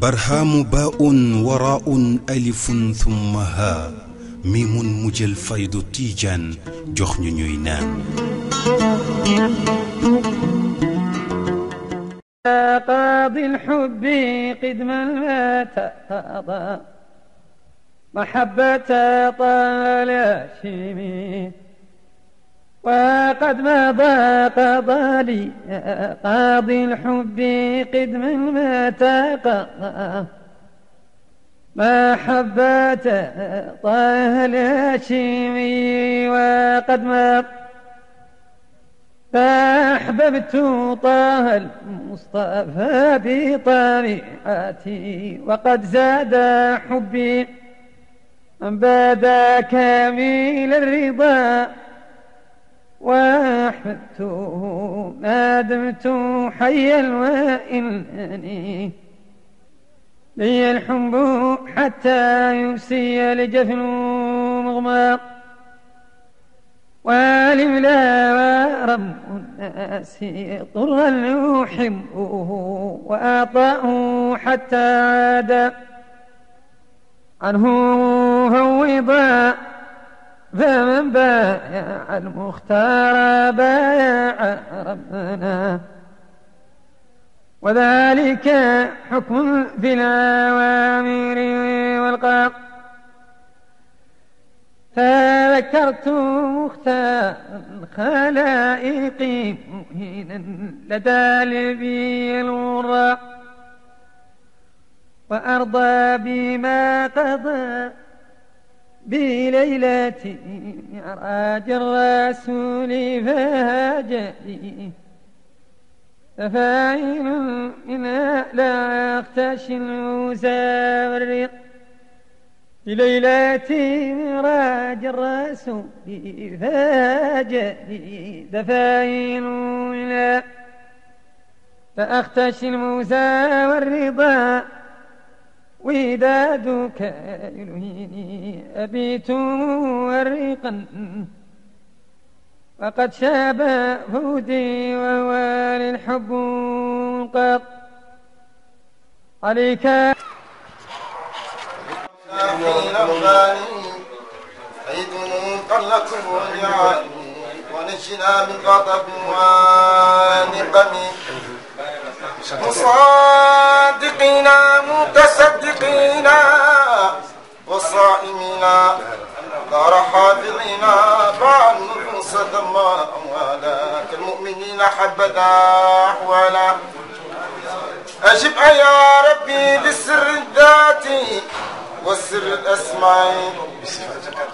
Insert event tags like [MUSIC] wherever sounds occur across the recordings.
برهام باء وراء ألف ثم ها ميم مجل فيض تيجان جخن نينان قاضي الحب قد مات محبة طال شميه وقد مضى لي قاضي الحب قدم ما حبات طه الهاشمي وقد ما فأحببت طه المصطفى بطريقتي وقد زاد حبي بدا كامل الرضا واحد ما دمت حيا وإنني لي الحب حتى يمسي لجفن مغمى والملا ورب الناس طرا يحبه وأعطاه حتى عاد عنه هوضا فمن بايع المختار بايع ربنا وذلك حكم في الأوامر والقاق فذكرت مختار الخلائق مهينا لدى لبي الورى وأرضى بما قضى بليلتي راج الرسول فهاجئي فاعل منها لا أختشي والرق بليلتي راج الرسول فاعل دفاعل لا أختش الموسى والرضا ودادك يلهيني أبيت وريقا وقد شاب هودي وهو للحب قط عليك أيدني قلت وجعلني ونجنا من غضب ونقم مصاد متصدقين متصدقين وصائمين دار حافظين باع النفوس دما أموالا كالمؤمنين حبذا أحوالا أجب يا ربي بالسر الذاتي والسر الأسماء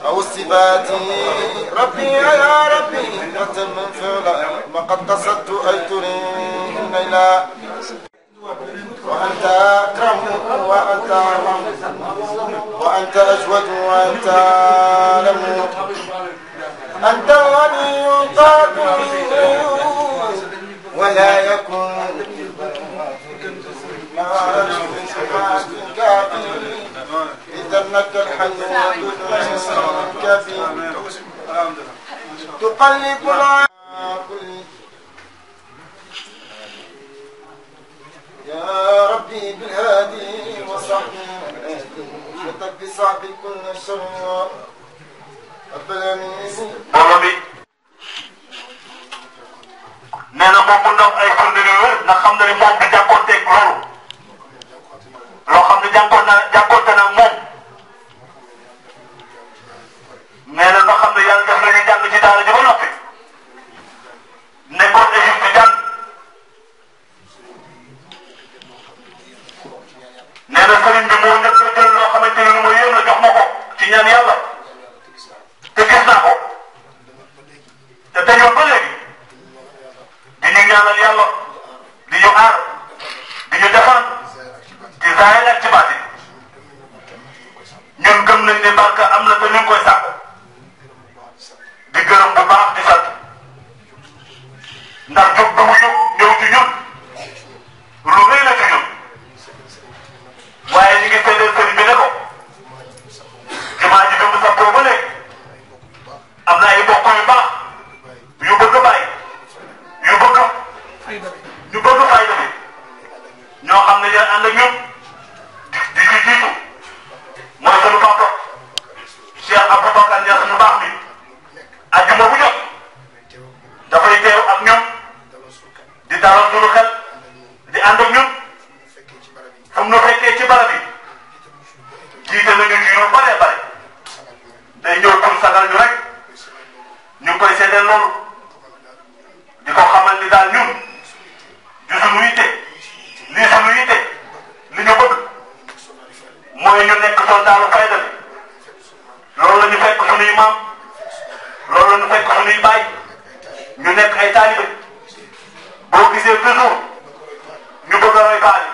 أو الصفات ربي يا ربي أتمم فعلا ما قد قصدت أن ترين ليلا وأنت أكرم وأنت أعظم وأنت أجود وأنت أعلم أنت الغني القادر ولا يكن مع شفاعتك إذا لك الحمد والذل كافي تقلب العالم Because the ci barab yi jiite nañu ñu yu bëree bëri day ñëw pour sagal ñu ñu ngi loolu di ko xamal ni daal ñun du suñu yitte lii suñu yitte li ñu bëgg mooy ñu nekk soldaaru fayda bi loolu la ñu fekk suñuy maam loolu la ñu fekk suñuy baay ñu nekk ay taalibe boo gisee toujours ñu bëgg a roy baay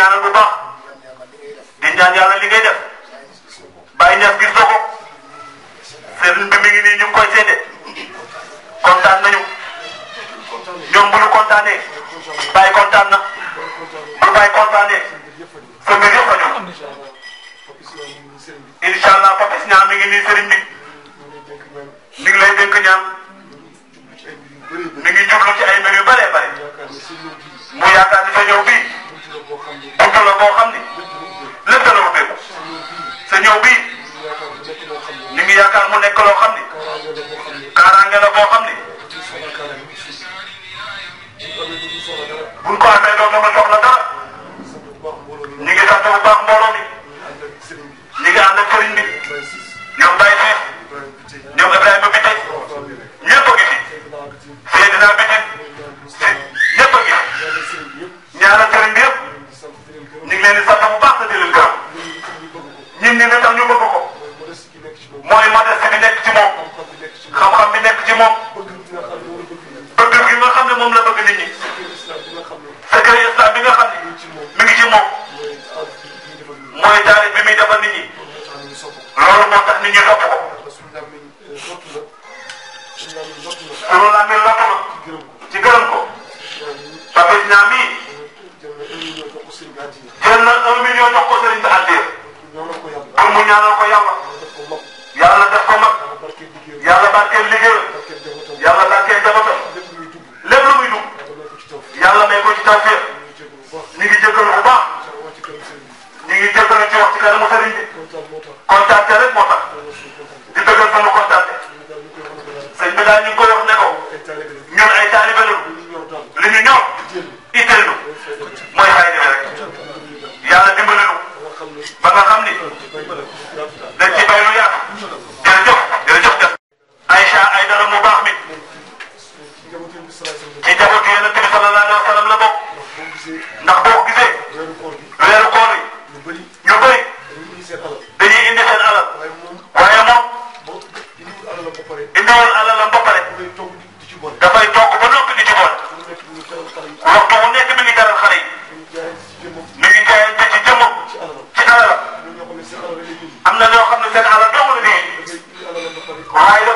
ñaanal bu baax di ñaan yàlla li ngay def bàyyi ñaas gis na ko sëriñ bi mi ngi nii ñu ngi koy seede kontaan nañu ñoom bu ñu kontaanee bàyyi kontaan na bu bàyyi kontaanee sa mbir yëpp a ñëw incha allah Papis ñaan mi ngi nii bi mi lay dénk ñaan mi ngi jublu ci ay mbir yu bëree bëri mu yaakaar ni sa bunt la boo xam ni lépp dana ubbeeku sa ñëw bii ñu ngi yaakaar mu nekk loo xam ni kaaraange la boo xam ni buñ ko amee doon na ma soxla dara ñu ngi sant bu baax mbooloo mi ñu ngi ànd ak sëriñ bi ñoom Baye Ciss ñoom Ibrahima bi tey ñëpp a ngi fi Seydina bi That's it. I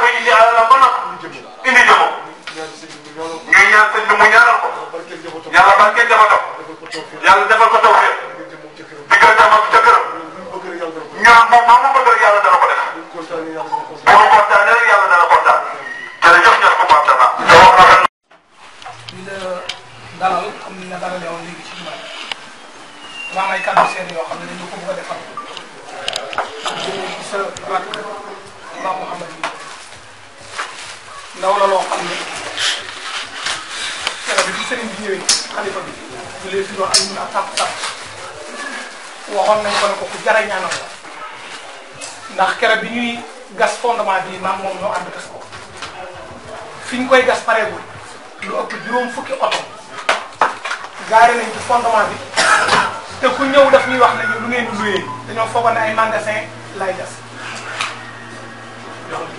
fondement bi maam moom ñoo ànd gas ko fi ñu koy gas pareegul lu ëpp juróom fukki oto gaare nañ ci fondement bi te ku ñëw daf ñuy wax ne lu ngeen luyee dañoo foogoon ne ay magasin lay gas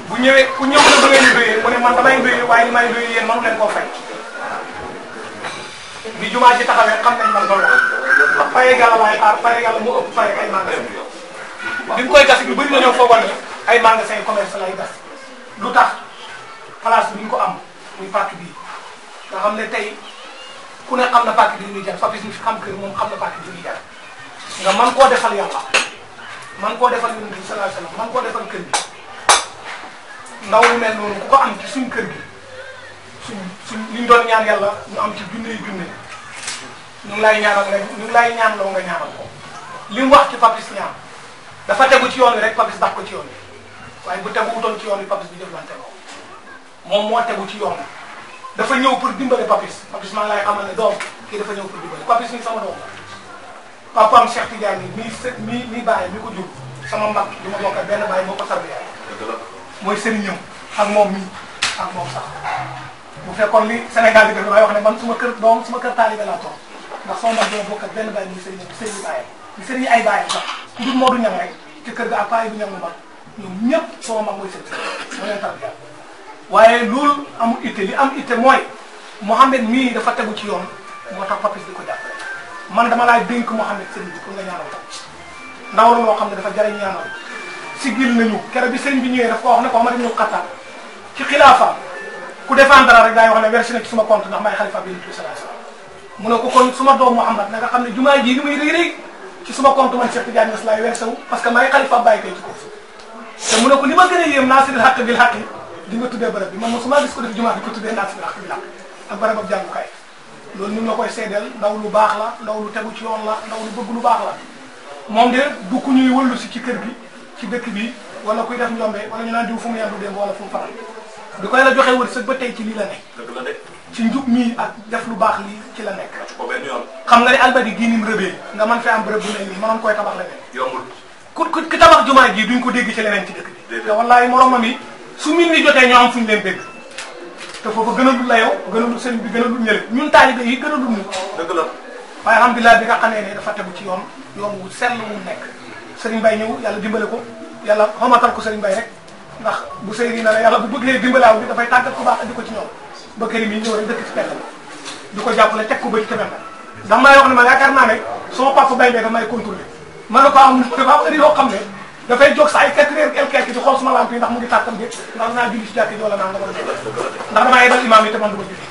bu ñëwee ku ñëw na lu ngeen luyee mu ne man damay luyee waaye li may luyee yéen mënu leen koo fay bi jumaa ji taxawee xam nañ man loolu wax pare gàlla waaye pare gàlla mu ëpp pare ay magasin bi ñu koy gas bi bëri na ñoo foogoon ay magasin commerce lay gas lu tax place bi ñu ko am muy pàcc bii nga xam ne tey ku ne am na pàcc bi ñuy jar fa bis ñu fi xam kër moom xam na nga man koo defal yàlla man koo defal yonent bi sallallahu alayhi wasallam man koo defal kër gi ndaw lu mel noonu ku ko am ci suñ kër gi suñ suñ li ñu doon ñaan yàlla ñu am ci junne yi junne ñu ngi lay ñaanal ñu ngi lay ñaan loo nga ñaanal ko li mu wax ci Papis ñaan dafa tegu ci yoon wi rek Papis dax ko ci yoon wi waaye bu tegu utoon ci yoon bi papis bi jëflante ko moom moo tegu ci yoon dafa ñëw pour dimbale papis papis maa lay xamal ne doom kii dafa ñëw pour dimbale papis mi sama doom papaam Cheikh Tidiane mi mi së mi mi bàyyi mi ko jur sama mag li ma bokkal benn bàyyi moo ko sarbiya mooy sëriñam ak moom mi ak moom sax bu fekkoon li Sénégal bi def damay wax ne man suma kër doom suma kër taalibe laa toog ndax sama mag dama bokk ak benn bàyyi muy sëriñam sëriñu bàyyam mi sëriñu ay bàyyam sax ku dul Modou Niang rek ci kër ga ak payi bu ñam lu mag ñoom ñëpp sama mag mooy sëkk moo leen tarbiya waaye loolu amul itte li am itte mooy Mouhamed mii dafa tegu ci yoon moo tax papis di ko jàppale man dama laay dénk Mouhamed sëriñ bi moo xam ne dafa jar a ñaanal sigil nañu bi sëriñ bi ñëwee dafa wax ne ko ma dem ñu xataa ci xilaafa ku defaan dara rek daay wax ne versi na ci suma compte ndax may xalifa bi Yonent bi sallallahu alayhi wasallam mu ne ko doom xam ne jumaa ji li muy rëy parce que may xalifa bàyyi kay ci kaw te mu ne ko li ma gën a yéem naasi bil xaq bil xaq di nga tuddee barab bi man mosuma gis ko def jumaa di ko tuddee naasi bil xaq bil xaq ak barabab jàngukaay loolu ñu ngi la koy seedeel ndaw lu baax la ndaw lu tegu ci yoon la ndaw lu bëgg lu baax la moom de du ku ñuy wëllu si ci kër bi ci dëkk bi wala kuy def njombe wala ñu naan diw fu mu yendu démb wala fu mu faral bi koy la joxe wërsëg ba tey ci lii la ne ci njub mii def lu baax lii ci la nekk xam nga ne albadi gii nim nga man am bërëb bu mel nii koy tabax la ne ku ku tabax jumaa ji duñ ko dégg ci leneen ci dëkk bi te wallaay moromam yi su min ni jotee ñoo am ñu leen dégg te foofa gënalul la yow gënalul sëñ bi gënalul ñële ñun taalibe yi gënalul ñu dëgg la waaye alhamdulilah bi nga xamee ne dafa tegu ci yoon yoon wu sell wu nekk sëriñ Bay ñëw yàlla dimbale ko yàlla xamatal ko sëriñ Bay rek ndax bu sëy na la yàlla bu bëggee dimbale dimbalaaw bi dafay tàggat ko baax andi ko ci ñoom ba kërim yi ñëw rek dëkk ci pegg di ko jàppale teg ko ba ci tamit ndax may wax ne ma yaakaar naa ne soo papa bay mee daf may contrôler man na ko am dafa am heure yoo xam ne dafay jóg sa ay quatre heures el quelque di xool suma lamp yi ndax mu ngi tàkkam bi ndax naa julli si jàkk ji wala naa nga ko def ndax damaa yebal imam yi te man du ko julli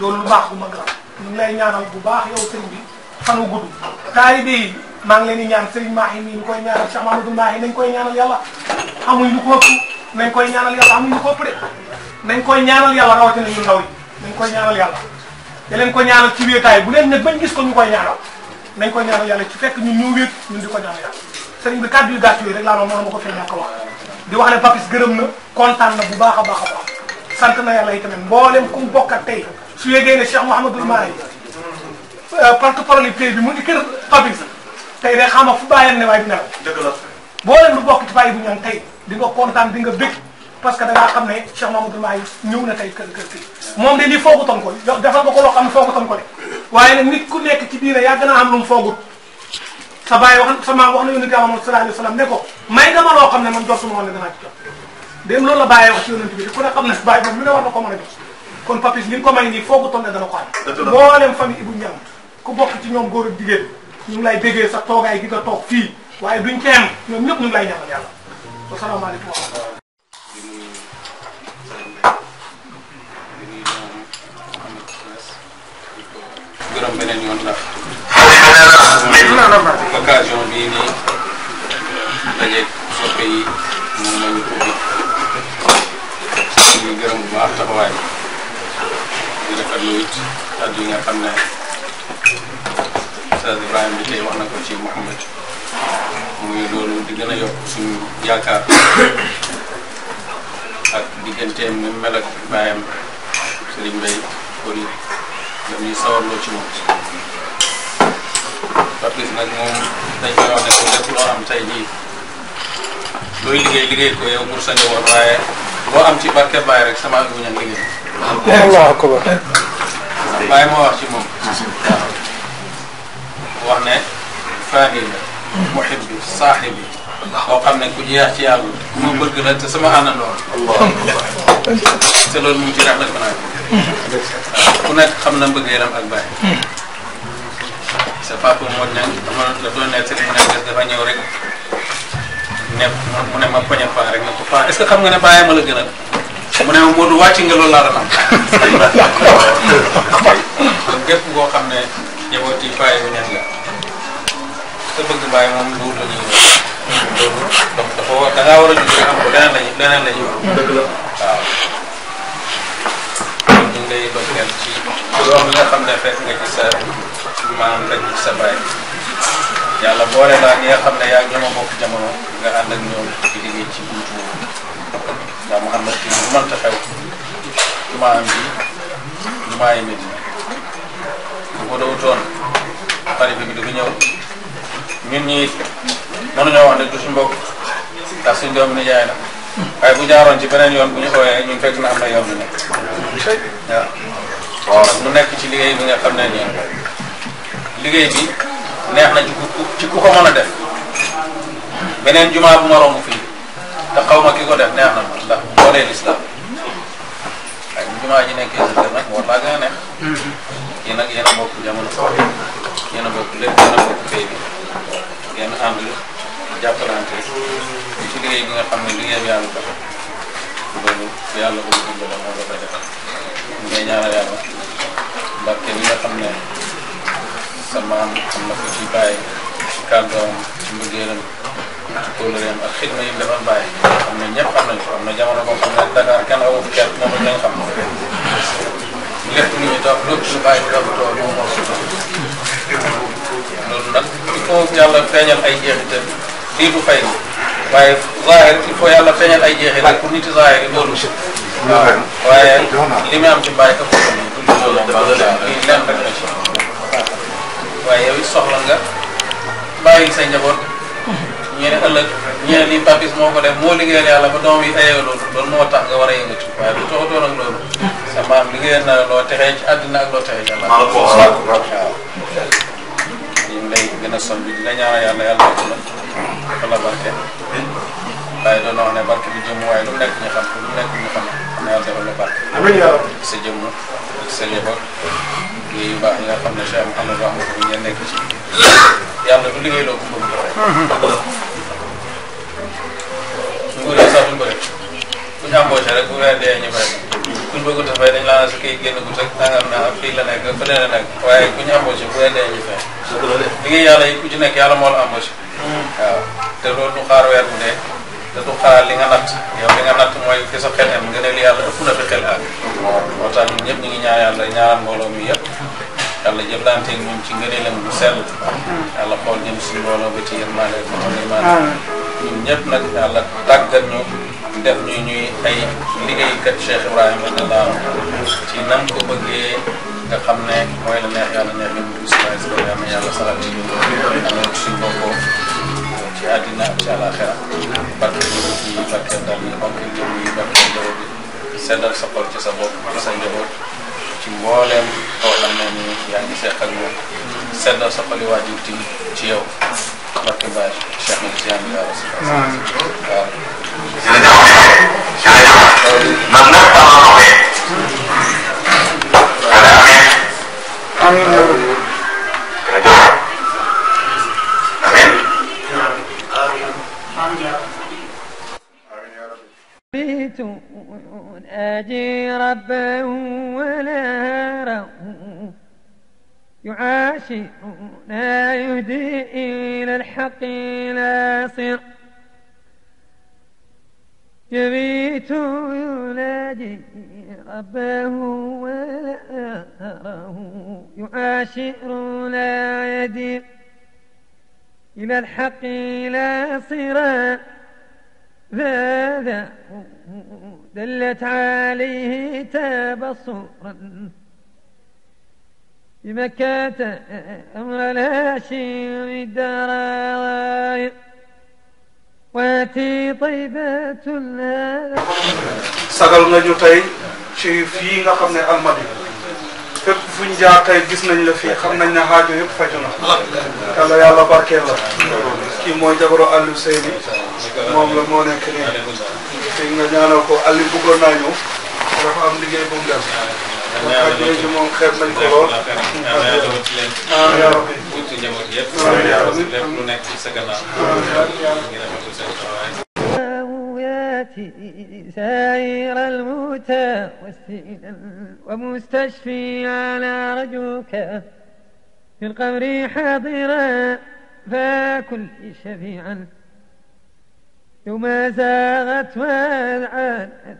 loolu lu baax bu mag la ñu ngi lay ñaanal bu baax yow sëriñ bi fanu gudd taalibe yi maa ngi leen di ñaan sëriñ Mahi mii ñu koy ñaanal Cheikh Mamadou Mahi nañ koy ñaanal yàlla amuñ lu ko ëpp nañ koy ñaanal yàlla amuñ lu ko ëpp de nañ koy ñaanal yàlla rawatina ñu ndaw yi nañ koy ñaanal yàlla te leen ko ñaanal ci wéetaay bu leen nag bañ gis ko ñu koy ñaanal nañ ko ñaanal yàlla ci fekk ñun ñoo wéet ñun di ko ñaanal yàlla sëriñ bi kàddu yu gàtt yooyu rek laa noonu mënuma ko fee ñàkk wax di wax ne Papis gërëm na kontaan na bu baax a baax a baax sant na yàlla itamit mboolem ku mu bokkat tey su yeggee ne Cheikh Mouhamadoul Mahi euh, porte-parole yi bi mu ngi kër Papis tey de xam nga fu bàyyeen ne waaye du nelaw dëgg la mboolem lu bokk ci bàyyi bu ñaan tey di nga kontaan di nga bég parce que da ngaa xam ne Cheikh Mouhamadoul Mahi ñëw na tey kër kër kii moom de lii foogutoon ko defal nga ko loo xam ne foogutoon ko de waaye nag nit ku nekk ci diine yaa gën a am lu foogut sa baay wax sa maam wax na yonent bi Muhammad sallallahu alayhi wa sallam ne ko may dama loo xam ne man jotuma woon la bàyyi wax ci yonent bi ku ne xam ne bàyyi boobu lu ne ko mën a jot kon papis li ko may nii ne ku bokk ci góor ak jigéen ñu ngi lay déggee sa toogaay gi nga toog fii waaye duñ ci am ñëpp ñu ngi lay ñaanal yàlla wasalaamaaleykum nonta occasion ɓi ni daje soppe yi moom la ñu ubbi ñu gërëm bu baax taxawaay di rafetlu it kàddu yi nga xam ne Oustaz Ibrahima bi tey wax na ko ci Mouhamed loolu di gën a yokk suñu yaakaar ak digganteem ni bàyyam Serigne Mbaye Kori dañuy sawarloo ci moom Papis nag moom dañ koy wax ne ko lépp loo am tey jii looy liggéey liggéey ko yow pour sa njaboot waaye boo am ci barke Baye rek sama bu ñan liggéey Allahu akbar Baye moo wax ci moom wax ne faani la muhib bi saaxib bi boo xam ne ku jeex ci yàlla ku ma bëgg la te sama àndandoo te loolu mu ngi ci rafet naa ku nekk xam na mbëggeelam ak bàyyi sa papa moo ñang dama la doon nekk sëriñ ñang des dafa ñëw rek ne mu ne ma poñe paa rek ne ko paa est ce que xam nga ne bàyyi ma la gënal mu ne ma Modou wàcc nga loolu laa la nam gépp [LAUGHS] xam ne bàyyi la bëgg bàyyi moom lu la ñuy wax donc dafa da ngaa war a am ko leneen la leneen la wax jàngal ci loolu nga xam ne fekk nga ci sa maanaam fekk boole laa ñi nga xam ne yaa jamono nga ci buntu boobu ndax Mouhamed ci lu mënta xew jumaa bi jumaa yi ñi mënuñoo ne du suñu ay bu jaaroon ci beneen yoon bu ñu xoolee ñu fekk na am na yoon bu nekk waaw mu nekk ci liggéey bi nga xam ne nii liggéey bi neex na ci ci ku ko mën a def beneen jumaa bu ma romb fii te xaw ma ki ko def neex na ndax boo dee lislaam waaye bu jumaa ji nekkee sa nag moo laa gën neex yéen ak yéen a bokk jamono yéen a bokk lépp yéen a bokk fay bi ngeen ànd jàppalante liggéey bi nga xam ne liggéey bi yàlla dafa loolu yàlla ko bëgg la moo la koy defal ñu ngay ñaanal yàlla barke nga xam ne sa maam am na ko ci bàyyi ci ci mbëggeelam ci kóolóoreem ak xidma yi mu defal bàyyi xam ne ñëpp xam nañu am na jamono boo xam ne Dakar kenn awu fi lépp lu ñu dox lépp lu bàyyi dox tool moom moo loolu nag il faut yàlla feeñal ay jeexital lii du fay waaye zahir il faut yàlla feeñal ay jeexital pour nit yi zahir yi loolu si waaye li muy am ci mbaay ëpp na loolu moom lii lenn rek la ci waaye yow it soxla nga bàyyi sa njaboot ñu ne ëllëg ñu papis moo ko def moo liggéeyal yàlla ba doom yi ayoo loolu loolu moo tax nga war a yëngatu waaye lu taxutoo nag loolu sa maam liggéeyal na loo texee ci àddina ak loo texee ci àlla waaw ñu a son bi waaye doon na wax ne barke bi jëmm waaye lu nekk ñu xam lu nekk ñu xam xam naa defal la barke. amiin yaa rabbi sa jëmm ak sa njaboot yu baax yi nga xam ne Cheikh Mouhamed wax nga ko ñu nekk ci yàlla du liggéey loo ko bëgg joxe. nguur yi sax duñ ko def ku ñu embauché rek bu weer dee ñu fay ku ñu bëggut a fay dañ laa ne su kii génn gut rek nangam naa fii la nekk fële la nekk waaye ku ñu embauché bu weer dee ñu fay. liggéey yàlla yi ku ci nekk yàlla moo la embauché. Hmm. waaw te loolu du xaar weer bu dee. te du xaar li nga natt yow li nga natt mooy fi sa xel am nga ne li yàlla ëpp na fi xel ak moo tax ñun ñëpp ngi ñaan yàlla ñaanal mbooloo mi yàlla jëflanteeg ñun ci ngëneelam bu sell yàlla si mbooloo bi ci yërmande ak yërmande ñun ñëpp nag yàlla tàggat ñu def ñu ñuy ay liggéeykat Cheikh Ibrahima radiyallaahu anhu ci nam ko bëggee nga xam ne mooy la neex yàlla neex yëpp bu si waaye si yàlla salal ñu ci àddina ak ci àllaaxira barke ci barke ndam yi barke jëm yi sa xol ci sa bopp ci sa njaboot ci mbooleem koo xam ne ni yaa ngi seex ak moom sa xoli waajur ci ci yow barke Baye Cheikh Ndiaye. ربه ولا يعاشر لا يدير إلى الحق لا صراع هذا دلت عليه تبصرا بمكة أمر الهاشم الدرايا واتي طيبة الله sagal nañu ci fii nga xam ne almadi fépp fu ñu jaar tey gis nañ la fii xam nañ ne xaajo yëpp faju na yàlla yàlla barkeel la kii mooy jabaru Aliou Seyni moom la moo nekk nii te nga ñaanal ko Aliou bëggoon naa ñëw dafa am liggéey bu mu dem xaajo ci moom xeeb nañ ko lool yaa rabbi سائر الموتى ومستشفي على رجوك في القبر حاضرا فكل شفيعا يوم زاغت والعانت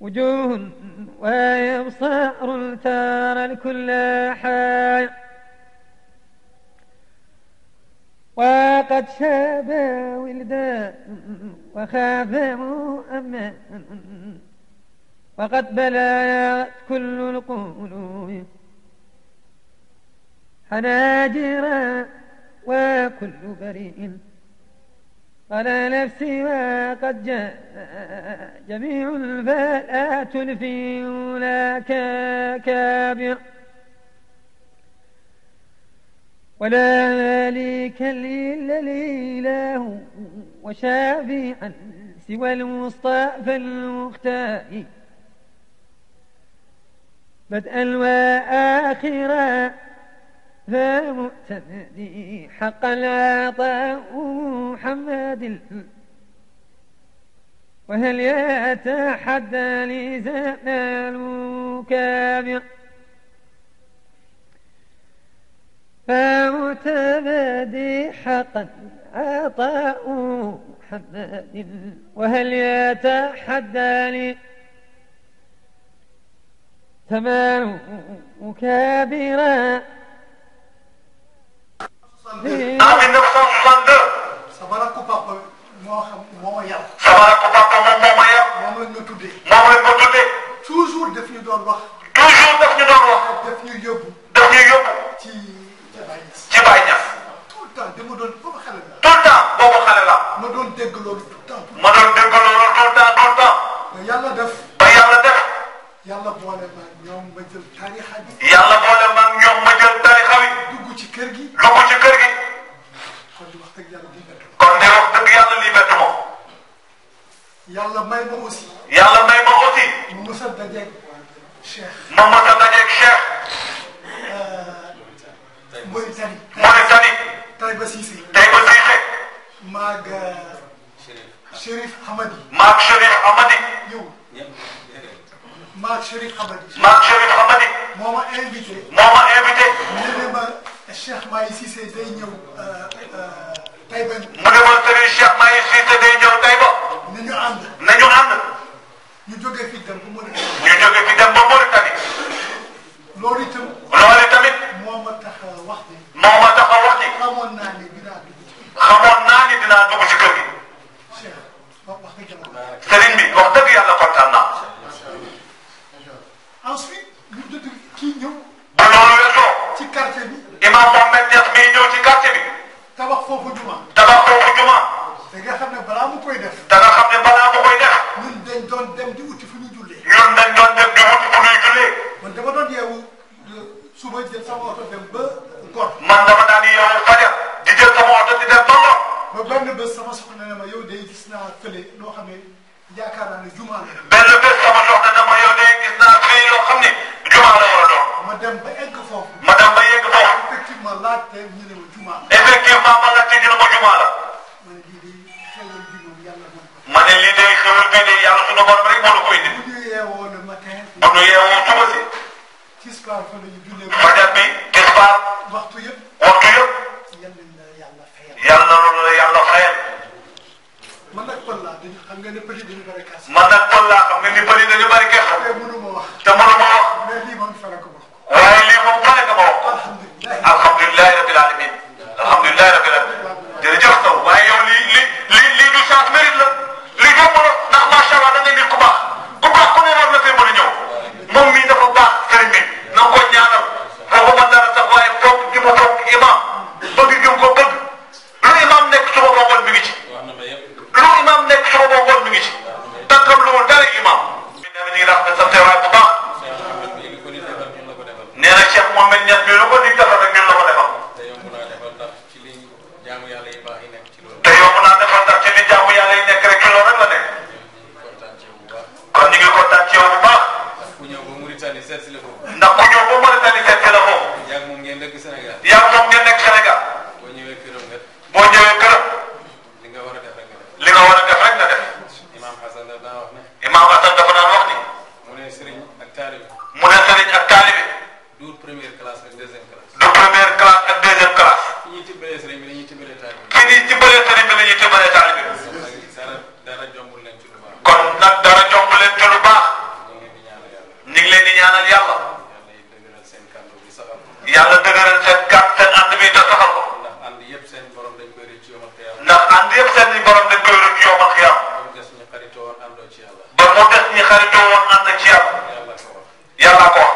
وجوه وابصار ترى الكل حي وقد شاب ولدان وخاف مؤمنا وقد بلغت كل القلوب حناجرا وكل بريء على نفسي وقد جاء جميع فلا في ولا كابر ولا مالك إلا لله وشافعا سوى المصطفى المختار بدءا وآخرا فمؤتمدي حقا العطاء محمد وهل يتحدى لزمان كامع فمتبدي حقا عطاء حداد وهل يتحداني ثمان كبيرا Toujours ma doon dégg loolu tout temps tout temps. ba yàlla def. ba yàlla def. yàlla boole ma ak ñoom ma jël bi. yàlla boole ma ak ñoom ma jël tarixa bi. ci kër gi. dugg ci kër gi. kon di wax dëgg yàlla lii bett may ma aussi. yàlla may ma aussi. mu mës a ma mës a dajeeg. حمدي معك شريك حمدي يو معك شريك حمدي مارك شريك حمدي ماما ايفيتي ماما ايفيتي نيفر الشيخ مايسي سيدي نيو ñu yeewoo suba si. tisbaar fa la ñu jullee fajar bi tisbaar. waxtu yëpp waxtu yëpp. yàlla na la yàlla fayal. man nag pël laa dañu xam nga ne pël yi dañu bëri kaas. man nag pël laa des ñi xaritoo woon ànd ak ci yàlla yàllaa ko wax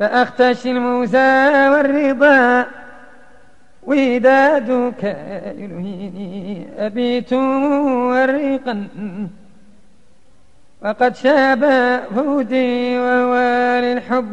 فأختشي الموسى والرضا ودادك يلهيني أبيت مورقا وقد شاب هودي وهو للحب